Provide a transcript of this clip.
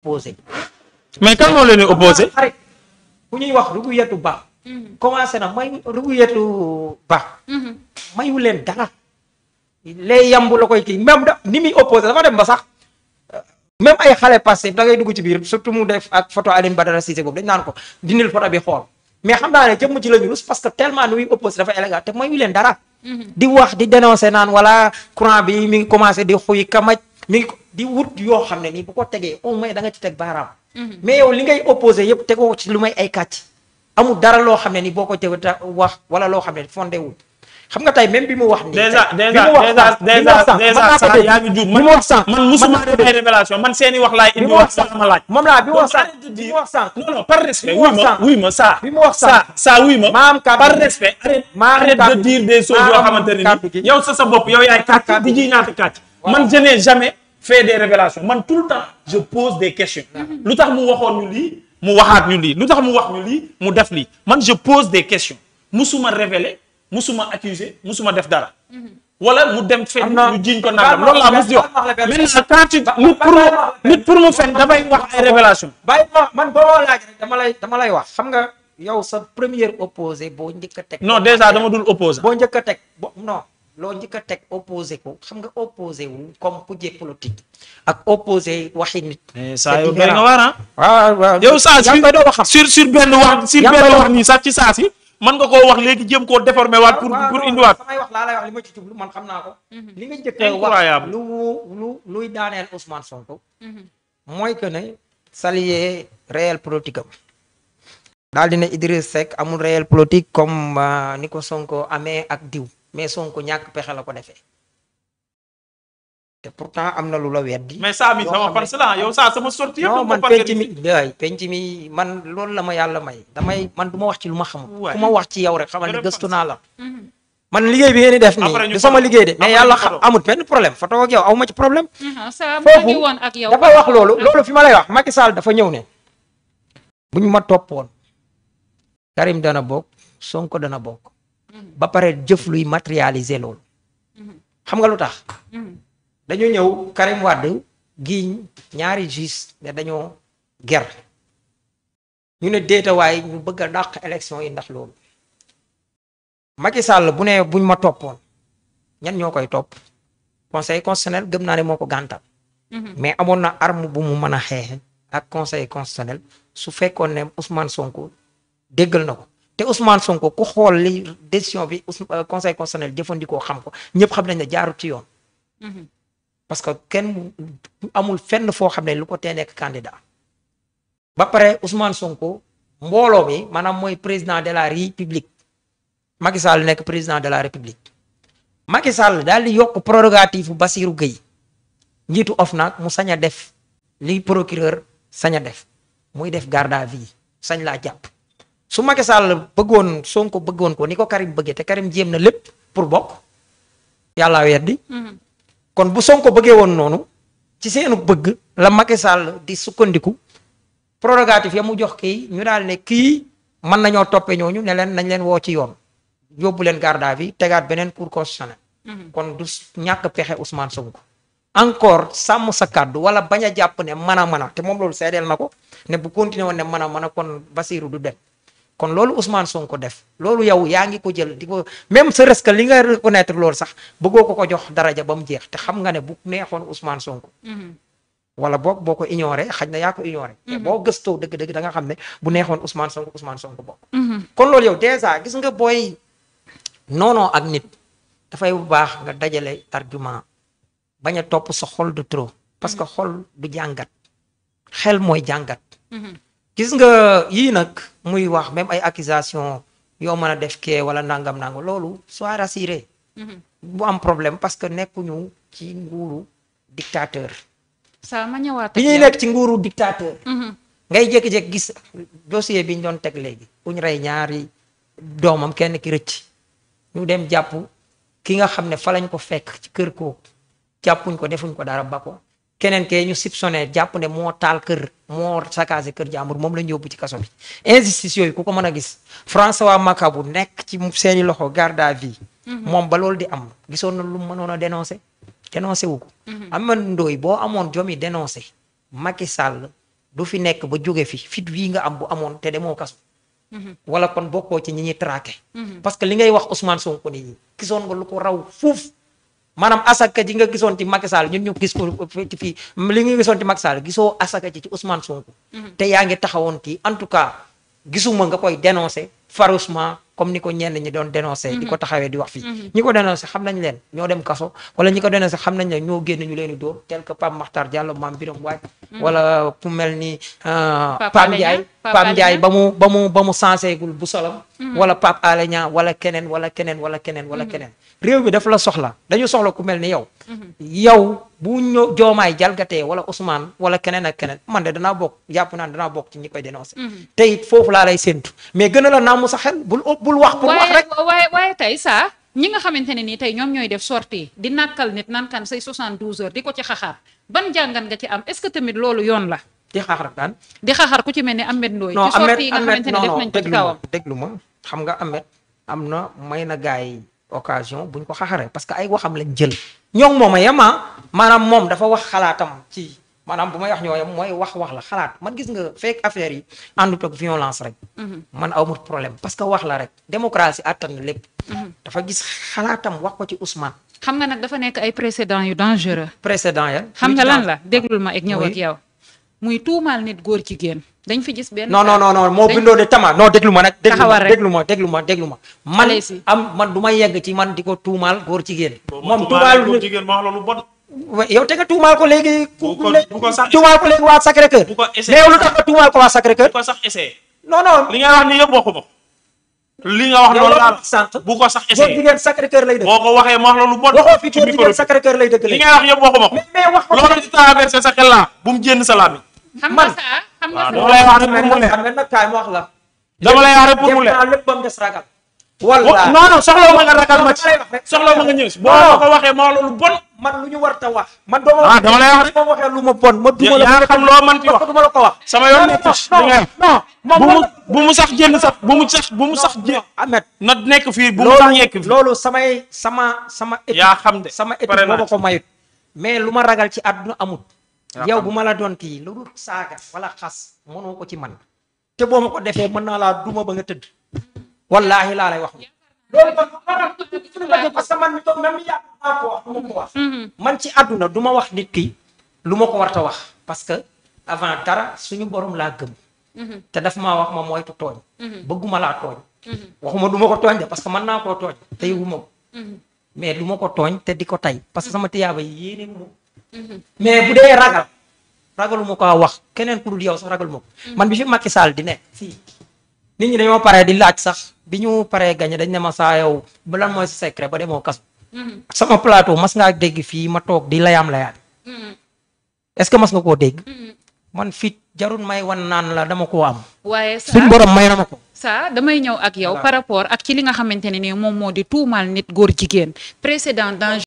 opposé. mais kan moo leen opposé xarit ah, bu ñuy wax rugu yetu baax. Mm-hmm. commencé na may rugu yetu baax. Mm-hmm. mayu leen dara. lee yambu la koy kii même da ni muy opposé dafa dem ba sax euh, même ay xale passé da ngay ci biir surtout mu de ak photo Alioune Badara Cissé boobu dañ naan ko dindil photo bi xool mais xam naa ne jëmm ci ñu rus parce que tellement ni muy opposé dafa élégant te mayu leen dara. Mm-hmm. di wax di dénoncé naan wala courant bi mi commencé di xuy kamaj mi di wut yoo xam ne nii bu ko tegee au moins da nga ci teg baaraam. Mhm. mais yow li ngay opposé yëpp tegoo ci lu may ay kàcc. amul dara loo xam ne ni boo ko te wax wala loo xam ne fondé wul xam nga tey même bi mu wax. nii tey bi mu wax sax bi mu wax sax mën naa ko dégg yaa ngi juum man man musuma def ay révélation man seeni wax laay indi wax sax ma laaj. moom laa bi mu wax sax bi mu wax sax. non non par respect wuy ma wuy ma saa. bi mu wax sax saa wuy ma. maam kàddu par respect. arrête de dire des choses yoo xamante ne ni yow sa sa bopp yow yaay kàcc di ji ñaata kàcc. man je n'ai jamais. fait des révélations man tout le temps je pose des questions. lu tax mu waxoon nu lii mu waxaat ñu lii lu tax mu wax ñu lii mu def lii man je pose des questions musuma révéler musuma accuser musuma def dara. wala mu dem fen ñu jiñ ko nangam loolu laa mos di wax maintenant quand tu nit pour mu nit pour mu fen dafay wax ay révélation bàyyi ma man boo ma dama lay dama lay wax xam nga yow sa première opposé boo njëkk a teg non déjà dama dul opposé boo njëkk a teg non loo njëkk teg opposé ko xam nga opposé wu comme ku jee ak opposé waxi nit. Eh, saa benn ah? wax sur benn wax nii sax ci saa si. mën nga koo wax léegi jéem koo déformé waat pour pour indiwaat. samay wax laa lay mhm. a wax lu luy daaneel Ousmane Sonko. Mhm. mooy que ne saluer réel politique am. daal dina Idriss Seck amul réel politique comme euh, ni ko Sonko amee ak diw. mais Sonko ñàkk pexe la ko defee te pourtant am na lu la weddi. mais saa mi sama fan la ah, yow saa sama sortie yëpp. man penc mi waay mi man loolu la ma yàlla may. damay man du ma wax ci lu ma xamul. ku ma wax ci yow rek xamal ni gëstu naa la. Mhm. man liggéey bi ngeen di def nii du sama liggéey de mais yàlla xam amut benn problème fa toog ak yow awma ci problème. Mhm, foofu dafa wax loolu ah. loolu fi ma lay wax Macky Sall dafa ñëw ne. ñu ma toppoon Karim dana bok Sonko dana bokk. ba pare jëf luy matérialiser loolu. xam nga lu tax. dañoo ñëw Karim Wade giiñ ñaari juge dañoo ger ñu ne waay ñu bëgg a dàq élection yi ndax loolu. Macky Sall bu ne buñ ma toppoon ñan ñoo koy topp conseil constitutionnel gëm naa ne moo ko gàntal. mais amoon na arme bu mu mën a xeexe ak conseil constitutionnel su fekkoon ne Ousmane Sonko déggal na ko te Ousmane Sonko ku xool li décision bi euh, conseil constitutionnel jëfandikoo xam ko ñëpp xam nañ ne jaaru ci yoon. Mhm. parce que kenn amul fenn foo xam ne lu ko tee nekk candidat. ba pare Ousmane Sonko mbooloo mi maanaam mooy président de la république Macky Sall nekk président de la république. Macky Sall daal di yokk prérogative Bassirou Gueye njiitu OFNAC mu sañ a def li procureur sañ a def muy def garde à vue sañ laa jàpp. su Macky Sall bëggoon ko bëggoon ko ni ko kari bëggee te Karim jéem na lépp pour bokk yàllaa weddi mhm. kon bu ko bëggee woon noonu ci seenu bëgg la Macky Sall di sukkandiku prérogative ya mu jox kii ñu daal ne kii mën nañoo toppee ñooñu ne leen nañ leen woo ci yoon yóbbu leen garde à tegaat beneen cour constitutionnel mhm. kon du ñàkk pexe Ousmane Sonko encore sàmm sa kàddu wala bañ jàpp ne mën a mën a te moom loolu seedeel na ko ne bu continué woon ne mën a mën a kon Basiru du dem kon loolu Ousmane Sonko def loolu yow yaa ngi ko jël di ko même ce risque li nga reconnaître loolu sax bëggoo ko ko jox daraja ba mu jeex te xam nga ne bu neexoon Ousmane Sonko. Mhm. wala boog boo ko ignoré xaj na yaa ko ignoré. Mhm. boo gëstoo dëgg-dëgg da xam ne bu neexoon Ousmane Sonko Ousmane Sonko bokk. Mhm. kon loolu yow dèjà gis nga booy noonoo ak nit dafay bu baax nga dajale argument bañ a topp sa xol de trop. parce que xol du jàngat xel mooy jàngat. gis nga yii nag muy wax même ay accusation yoo mën a def kee wala nangam nangam loolu sois rassuré. Mm-hmm. bu am problème parce que nekkuñu ci nguuru dictateur. saa ma ñëwaat bi ñuy ci nguuru dictateur. Mm-hmm. ngay jékki-jékki gis dossier bi ñu doon teg léegi ku ñu rey ñaari doomam kenn ki rëcc ñu dem jàpp ki nga xam ne fa lañ ko fekk ci kër ko jàppuñ ko defuñ ko dara ba ko keneen ke ñu soupçonné jàpp ne moo taal kër moo saccagé kër jàmbur moom la ñu yóbbu ci kaso bi injustice yooyu ku ko mën a gis François Makabu nekk ci seeni loxo garde à vue mhm. moom ba loolu di am gisoon na lu mënoon a dénoncé dénoncé wu ko mhm. Ameth Ndoye boo amoon jom yi dénoncé Macky Sall du fi nekk ba jóge fi fit wii nga am bu amoon te demoo kaso mhm. wala kon bokkoo ci ñi ñuy traqué parce que li ngay wax Ousmane Sonko nii gisoon nga lu ko raw fuuf maanaam asaka ji nga gisoon ci Macky Sall ñun ñu gis ko ci fii li nga gisoon ci Macky Sall gisoo asaka ji ci Ousmane mhm. te yaa ngi taxawoon kii en tout cas gisuma nga koy dénoncer farouchement comme ni ko ñeen ñenn ñi doon dénoncer. di ko mhm. taxawee di wax fi mhm. ñi ko dénoncer xam nañ leen ñoo dem kaso wala ñi ko dénoncer xam nañ leen ñoo génn ñu leen di dóor tel que Pape Makhtar Diallo maam Birame Waaj. wala ku ni euh, Pape Ndiaye. Pape Ndiaye ba mu ba ba mu sanseegul bu solam mm-hmm. wala Pape Alé Niang keneen wala keneen wala keneen wala mm-hmm. keneen réew mi dafa la soxla dañu soxla ku mel ni yow mm-hmm. yow bu ñëw joomaay jalgatee wala Ousmane wala keneen ak keneen man de danaa bokk jàpp naan danaa bokk ci ñi koy dénoncé te it foofu a la sa xel bul bul wax pour wax nga xamante ne nii tey ñoom ñooy def sortie di nàkkal nit nankan say 72 heures di ko ci xaxaar ban jàngan nga ci am est-ce que tamit loolu yoon la di xaaxar daan. di xaaxar ku ci mel ne Ahmed Ndoye. ci sorti yi nga xamante ne def nañ ko ma xam nga Ahmed am na may na gars yi occasion buñ ko xaaxaree parce que ay waxam lañ jël. ñoom moom a yem ah. maanaam moom dafa wax xalaatam ci maanaam bu may wax ñoo yem mooy wax wax la xalaat man gis nga fekk affaire yi àndut ak violence rek. Mhm. man awma problème parce que wax la rek démocratie attan na lépp. Mhm. dafa gis xalaatam wax ko ci Ousmane. xam nga nag dafa nekk ay précédents yu dangereux. précédents ya. xam nga lan la déglul ma ak ñëw ak muy tuumaal nit góor jigéen dañ fi gis benn. non non non moo bindoo de tama non déglu ma nag. taxawal rek déglu ma déglu ma déglu ma man am man du ma yegg ci man di ko tuumaal góor jigéen. moom tuumaal góor jigéen ma wax lu bon. yow te nga tuumaal ko léegi. ko bu sax tuumaal ko léegi waa Sacré Cœur. bu ko essayé mais lu tax nga tuumaal ko ko li nga wax nii yëpp waxu bu ko sax essayé góor jigéen Sacré lay dëgg. ko waxee ma wax loolu bon. lay dëgg. li nga wax yëpp waxu ko. loolu di traversé sa xel bu mu jénn sa laam xam nga saa xam nga dama lay wax rek pour mu leer xam nga nag kaay ma wax la. dama lay wax rek pour mu leer lépp ba mu des ragal. wallaahi oh, non non soxla ma nga ragal ma ci soxla ma nga ñëw si boo ko waxee ma wax lu bon. man lu ñu war ta wax. man doo ma ah, dama lay wax rek boo ma waxee lu ma bon ma duma la. yaa xam loo man ti wax duma la ko wax. sama yoon nekk ci li ngay wax. bu mu bu mu sax jénn sax bu mu sax bu mu sax jénn. Ahmed na nekk fii bu mu sax nekk fii. loolu samay sama sama. yaa xam de sama état boo ma ko mayut mais lu ma ragal ci àdduna amut. yaw bu ma la doon kii lu dul saaga wala xas mënoo ko ci man te boo ma ko defee man naa laa duma ba nga tëdd wallaahi laa lay wax loolu kon ko wax du ma ko wax mm-hmm. man ci àdduna du ma wax nit ki lu ma ko warta wax parce que avant dara suñu borom laa gëm mm-hmm. te daf maa wax ma moytu tooñ mm-hmm. bëgguma laa tooñ waxuma du ma ko tooñ de parce que mën naa koo tooñ te ko mais du ma ko tooñ te di ko tey parce que Mm-hmm. mais bu dee ragal ragaluma ko wax keneen ku dul yow sax ragaluma ko. Mm-hmm. man bi fi Macky saal di nekk fii. nit ñi dañoo pare di laaj sax bi ñu paree gañe dañ ne ma saa yow ba lan mooy secret ba demoo kaso. Mm-hmm. sama plateau mas ngaa dégg fii ma toog di layam layaat. est-ce que mas nga koo dégg. man fit jarul may wan naan la dama koo am. waaye saa suñ borom may na ko. saa damay ñëw ak yow. par rapport ak ci li nga xamante ne ni moom moo di tuumaal nit góor jigéen précédent danger.